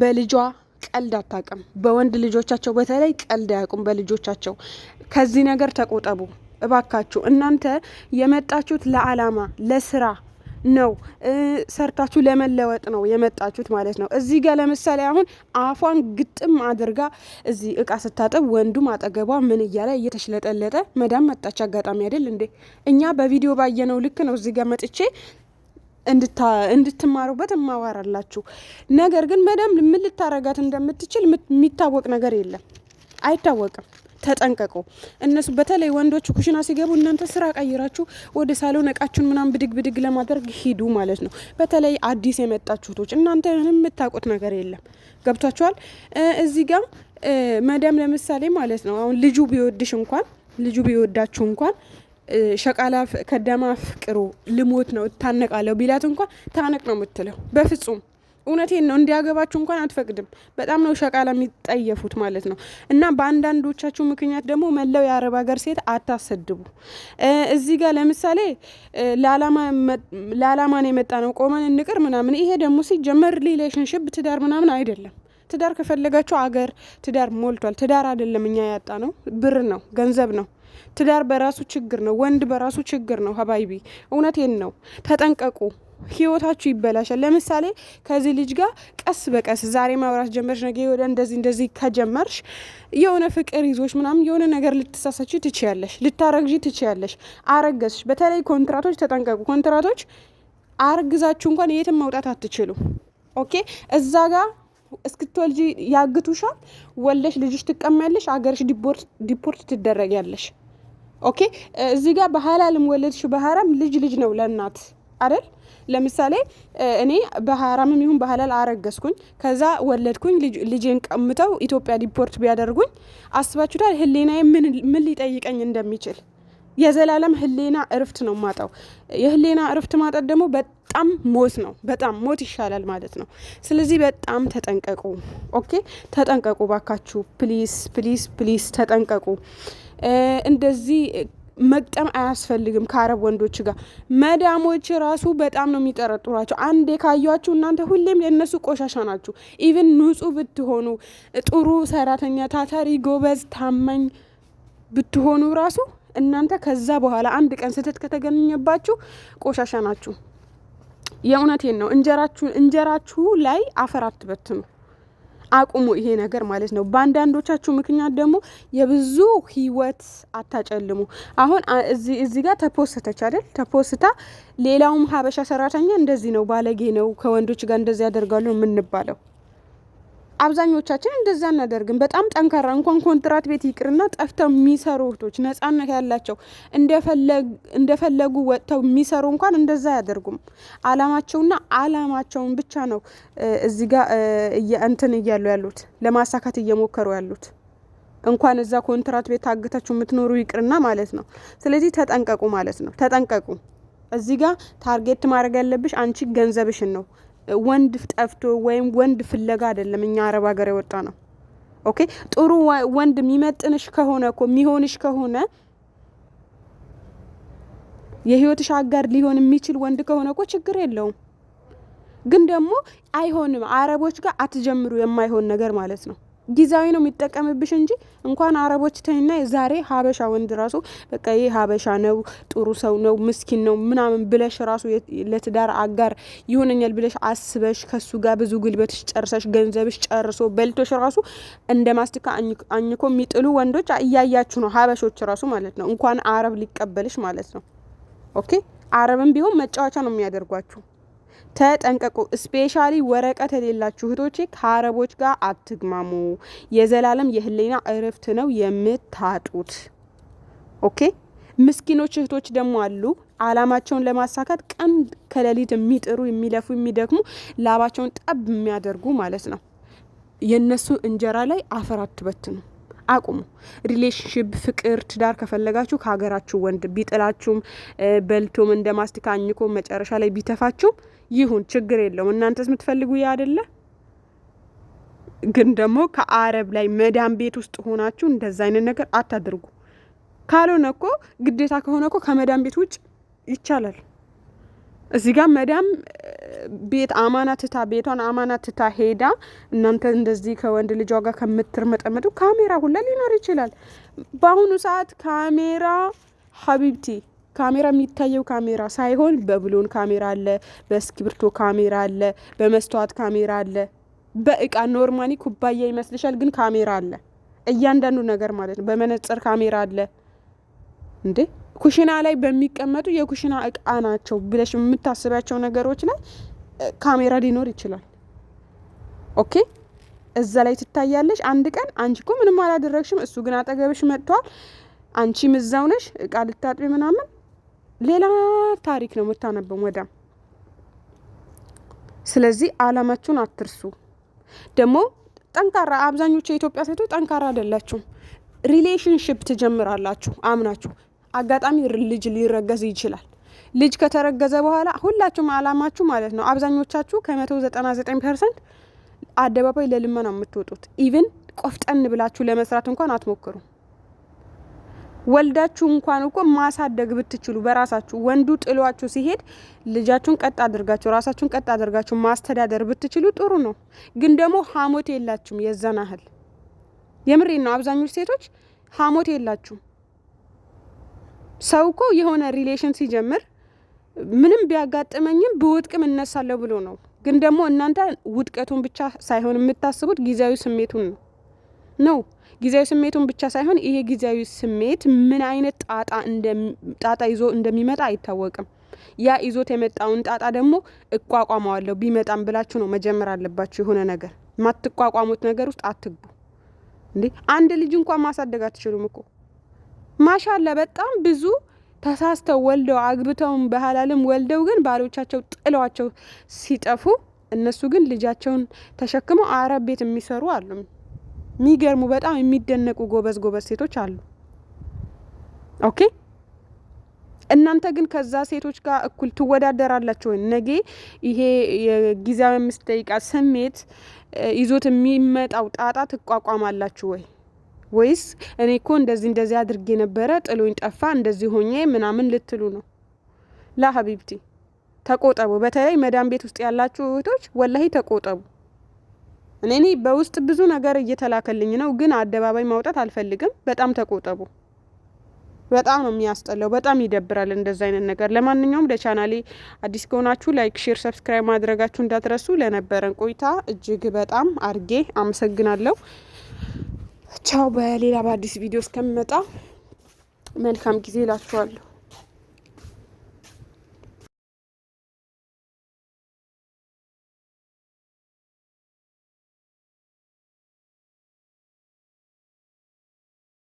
በልጇ ቀልድ አታውቅም። በወንድ ልጆቻቸው በተለይ ቀልድ አያውቁም በልጆቻቸው። ከዚህ ነገር ተቆጠቡ እባካችሁ። እናንተ የመጣችሁት ለዓላማ ለስራ ነው ሰርታችሁ ለመለወጥ ነው የመጣችሁት ማለት ነው። እዚህ ጋር ለምሳሌ አሁን አፏን ግጥም አድርጋ እዚህ እቃ ስታጠብ ወንዱም አጠገቧ ምን እያለ እየተሽለጠለጠ መዳም መጣች። አጋጣሚ አይደል እንዴ? እኛ በቪዲዮ ባየነው ልክ ነው እዚህ ጋር መጥቼ እንድትማሩበት እማዋራላችሁ። ነገር ግን መዳም ምን ልታረጋት እንደምትችል የሚታወቅ ነገር የለም፣ አይታወቅም። ተጠንቀቁ። እነሱ በተለይ ወንዶች ኩሽና ሲገቡ እናንተ ስራ ቀይራችሁ ወደ ሳሎን እቃችሁን ምናምን ብድግ ብድግ ለማድረግ ሂዱ ማለት ነው። በተለይ አዲስ የመጣችሁ ቶች እናንተ የምታውቁት ነገር የለም። ገብቷችኋል? እዚህ ጋር መዳም ለምሳሌ ማለት ነው አሁን ልጁ ቢወድሽ እንኳን ልጁ ቢወዳችሁ እንኳን ሸቃላ ከደማ ፍቅሩ ልሞት ነው እታነቃለሁ ቢላት እንኳን ታነቅ ነው የምትለው። በፍጹም እውነቴን ነው። እንዲያገባችሁ እንኳን አትፈቅድም። በጣም ነው ሸቃላ የሚጠየፉት ማለት ነው። እና በአንዳንዶቻችሁ ምክንያት ደግሞ መላው የአረብ ሀገር ሴት አታሰድቡ። እዚህ ጋር ለምሳሌ ለአላማን የመጣ ነው ቆመን እንቅር ምናምን። ይሄ ደግሞ ሲጀመር ሪሌሽንሽፕ ትዳር ምናምን አይደለም። ትዳር ከፈለጋችሁ አገር ትዳር ሞልቷል። ትዳር አይደለም እኛ ያጣ ነው፣ ብር ነው፣ ገንዘብ ነው። ትዳር በራሱ ችግር ነው። ወንድ በራሱ ችግር ነው። ሀባይቢ እውነቴን ነው። ተጠንቀቁ። ህይወታችሁ ይበላሻል። ለምሳሌ ከዚህ ልጅ ጋር ቀስ በቀስ ዛሬ ማውራት ጀመርሽ፣ ነገ ወደ እንደዚህ እንደዚህ ከጀመርሽ የሆነ ፍቅር ይዞች ምናምን የሆነ ነገር ልትሳሳች ትችያለሽ፣ ልታረግዥ ትችያለሽ። አረገዝሽ። በተለይ ኮንትራቶች ተጠንቀቁ። ኮንትራቶች አርግዛችሁ እንኳን የትም መውጣት አትችሉ። ኦኬ እዛ ጋር እስክትወልጂ ያግቱሻል። ወለሽ ልጅሽ ትቀማያለሽ። አገርሽ ዲፖርት ትደረጊያለሽ። ኦኬ እዚህ ጋር በሀላልም ወለድሽ በሀራም ልጅ ልጅ ነው ለእናት አይደል? ለምሳሌ እኔ በሀራምም ይሁን በሀላል አረገዝኩኝ፣ ከዛ ወለድኩኝ፣ ልጄን ቀምተው ኢትዮጵያ ዲፖርት ቢያደርጉኝ አስባችሁታል? ህሌና ምን ሊጠይቀኝ እንደሚችል የዘላለም ህሌና እርፍት ነው ማጣው። የህሌና እርፍት ማጣት ደግሞ በጣም ሞት ነው። በጣም ሞት ይሻላል ማለት ነው። ስለዚህ በጣም ተጠንቀቁ። ኦኬ ተጠንቀቁ፣ ባካችሁ ፕሊስ፣ ፕሊስ፣ ፕሊስ ተጠንቀቁ። እንደዚህ መቅጠም አያስፈልግም። ከአረብ ወንዶች ጋር መዳሞች ራሱ በጣም ነው የሚጠረጥሯቸው። አንዴ ካያችሁ እናንተ ሁሌም የእነሱ ቆሻሻ ናችሁ። ኢቨን ንጹህ ብትሆኑ ጥሩ ሰራተኛ፣ ታታሪ፣ ጎበዝ፣ ታማኝ ብትሆኑ ራሱ እናንተ ከዛ በኋላ አንድ ቀን ስህተት ከተገኘባችሁ ቆሻሻ ናችሁ። የእውነቴን ነው። እንጀራችሁ እንጀራችሁ ላይ አፈር አትበትኑ። አቁሙ ይሄ ነገር ማለት ነው። በአንዳንዶቻችሁ ምክንያት ደግሞ የብዙ ህይወት አታጨልሙ። አሁን እዚህ ጋር ተፖስተች አይደል? ተፖስታ ሌላውም ሀበሻ ሰራተኛ እንደዚህ ነው፣ ባለጌ ነው፣ ከወንዶች ጋር እንደዚህ ያደርጋሉ የምንባለው አብዛኞቻችን እንደዛ እናደርግም። በጣም ጠንካራ እንኳን ኮንትራት ቤት ይቅርና ጠፍተው የሚሰሩ እህቶች ነጻነት ያላቸው እንደፈለጉ ወጥተው የሚሰሩ እንኳን እንደዛ አያደርጉም። አላማቸውና አላማቸውን ብቻ ነው እዚህ ጋር እንትን እያሉ ያሉት ለማሳካት እየሞከሩ ያሉት እንኳን እዛ ኮንትራት ቤት ታግታችሁ የምትኖሩ ይቅርና ማለት ነው። ስለዚህ ተጠንቀቁ ማለት ነው። ተጠንቀቁ። እዚህ ጋር ታርጌት ማድረግ ያለብሽ አንቺ ገንዘብሽን ነው። ወንድ ጠፍቶ ወይም ወንድ ፍለጋ አይደለም እኛ አረብ ሀገር የወጣ ነው። ኦኬ ጥሩ ወንድ የሚመጥንሽ ከሆነ እኮ የሚሆንሽ ከሆነ የህይወትሽ አጋር ሊሆን የሚችል ወንድ ከሆነ እኮ ችግር የለውም። ግን ደግሞ አይሆንም። አረቦች ጋር አትጀምሩ የማይሆን ነገር ማለት ነው። ጊዜያዊ ነው የሚጠቀምብሽ እንጂ እንኳን አረቦች ተኝና ዛሬ ሀበሻ ወንድ ራሱ በቃ ይህ ሀበሻ ነው፣ ጥሩ ሰው ነው፣ ምስኪን ነው ምናምን ብለሽ ራሱ ለትዳር አጋር ይሆነኛል ብለሽ አስበሽ ከሱ ጋር ብዙ ጉልበትሽ ጨርሰሽ ገንዘብሽ ጨርሶ በልቶሽ ራሱ እንደ ማስቲካ አኝኮ የሚጥሉ ወንዶች እያያችሁ ነው፣ ሀበሾች ራሱ ማለት ነው። እንኳን አረብ ሊቀበልሽ ማለት ነው። ኦኬ አረብም ቢሆን መጫወቻ ነው የሚያደርጓችሁ። ተጠንቀቁ። ስፔሻሊ ወረቀት የሌላችሁ እህቶቼ ከአረቦች ጋር አትግማሙ። የዘላለም የህሊና እረፍት ነው የምታጡት። ኦኬ። ምስኪኖች እህቶች ደግሞ አሉ አላማቸውን ለማሳካት ቀን ከሌሊት የሚጥሩ የሚለፉ፣ የሚደክሙ ላባቸውን ጠብ የሚያደርጉ ማለት ነው። የእነሱ እንጀራ ላይ አፈር አትበትኑ። አቁሙ። ሪሌሽንሽፕ፣ ፍቅር፣ ትዳር ከፈለጋችሁ ከሀገራችሁ ወንድ ቢጥላችሁም በልቶም እንደ ማስቲካ አኝኮ መጨረሻ ላይ ቢተፋችሁም ይሁን ችግር የለውም። እናንተስ የምትፈልጉ ያ አደለ? ግን ደግሞ ከአረብ ላይ መዳም ቤት ውስጥ ሆናችሁ እንደዛ አይነት ነገር አታድርጉ። ካልሆነ እኮ ግዴታ ከሆነ እኮ ከመዳም ቤት ውጭ ይቻላል። እዚህ ጋር መዳም ቤት አማና ትታ ቤቷን አማና ትታ ሄዳ እናንተ እንደዚህ ከወንድ ልጇ ጋር ከምትርመጠመጡ ካሜራ ሁላ ሊኖር ይችላል። በአሁኑ ሰዓት ካሜራ ሀቢብቲ ካሜራ የሚታየው ካሜራ ሳይሆን በብሎን ካሜራ አለ፣ በእስክሪብቶ ካሜራ አለ፣ በመስተዋት ካሜራ አለ፣ በእቃ ኖርማኒ ኩባያ ይመስልሻል፣ ግን ካሜራ አለ። እያንዳንዱ ነገር ማለት ነው። በመነጽር ካሜራ አለ እንዴ ኩሽና ላይ በሚቀመጡ የኩሽና እቃ ናቸው ብለሽ የምታስባቸው ነገሮች ላይ ካሜራ ሊኖር ይችላል። ኦኬ እዛ ላይ ትታያለሽ። አንድ ቀን አንቺ እኮ ምንም አላደረግሽም፣ እሱ ግን አጠገብሽ መጥቷል። አንቺም እዛው ነሽ እቃ ልታጥቢ ምናምን ሌላ ታሪክ ነው የምታነበው መዳም። ስለዚህ አላማችሁን አትርሱ። ደግሞ ጠንካራ አብዛኞቹ የኢትዮጵያ ሴቶች ጠንካራ አይደላችሁም። ሪሌሽንሽፕ ትጀምራላችሁ አምናችሁ። አጋጣሚ ልጅ ሊረገዝ ይችላል። ልጅ ከተረገዘ በኋላ ሁላችሁም አላማችሁ ማለት ነው አብዛኞቻችሁ ከ199 ፐርሰንት አደባባይ ለልመና የምትወጡት ኢቨን ቆፍጠን ብላችሁ ለመስራት እንኳን አትሞክሩ። ወልዳችሁ እንኳን እኮ ማሳደግ ብትችሉ በራሳችሁ ወንዱ ጥሏችሁ ሲሄድ ልጃችሁን ቀጥ አድርጋችሁ ራሳችሁን ቀጥ አድርጋችሁ ማስተዳደር ብትችሉ ጥሩ ነው። ግን ደግሞ ሀሞት የላችሁም። የዛን ያህል የምሬ ነው። አብዛኞቹ ሴቶች ሀሞት የላችሁም። ሰው እኮ የሆነ ሪሌሽን ሲጀምር ምንም ቢያጋጥመኝም ብወድቅም እነሳለሁ ብሎ ነው። ግን ደግሞ እናንተ ውድቀቱን ብቻ ሳይሆን የምታስቡት ጊዜያዊ ስሜቱን ነው። ነው። ጊዜያዊ ስሜቱን ብቻ ሳይሆን ይሄ ጊዜያዊ ስሜት ምን አይነት ጣጣ ጣጣ ይዞ እንደሚመጣ አይታወቅም። ያ ይዞት የመጣውን ጣጣ ደግሞ እቋቋመዋለሁ ቢመጣም ብላችሁ ነው መጀመር አለባችሁ። የሆነ ነገር ማትቋቋሙት ነገር ውስጥ አትግቡ። እንዴ አንድ ልጅ እንኳን ማሳደግ አትችሉም እኮ ማሻላ በጣም ብዙ ተሳስተው ወልደው አግብተው በሀላልም ወልደው ግን ባሎቻቸው ጥለዋቸው ሲጠፉ እነሱ ግን ልጃቸውን ተሸክመው አረብ ቤት የሚሰሩ አሉ። የሚገርሙ በጣም የሚደነቁ ጎበዝ ጎበዝ ሴቶች አሉ። ኦኬ እናንተ ግን ከዛ ሴቶች ጋር እኩል ትወዳደራላችሁ ወይ? ነገ ይሄ የጊዜያዊ አምስት ደቂቃ ስሜት ይዞት የሚመጣው ጣጣ ትቋቋማላችሁ ወይ? ወይስ እኔ እኮ እንደዚህ እንደዚህ አድርጌ ነበረ ጥሎኝ ጠፋ እንደዚህ ሆኜ ምናምን ልትሉ ነው? ላ ሀቢብቲ ተቆጠቡ። በተለይ መዳም ቤት ውስጥ ያላችሁ እህቶች ወላሂ ተቆጠቡ። እኔ በውስጥ ብዙ ነገር እየተላከልኝ ነው፣ ግን አደባባይ ማውጣት አልፈልግም። በጣም ተቆጠቡ። በጣም ነው የሚያስጠላው። በጣም ይደብራል እንደዚ አይነት ነገር። ለማንኛውም ለቻናሌ አዲስ ከሆናችሁ ላይክ፣ ሼር፣ ሰብስክራይብ ማድረጋችሁ እንዳትረሱ። ለነበረን ቆይታ እጅግ በጣም አድርጌ አመሰግናለሁ። ቻው። በሌላ በአዲስ ቪዲዮ እስከምመጣ መልካም ጊዜ እላችኋለሁ።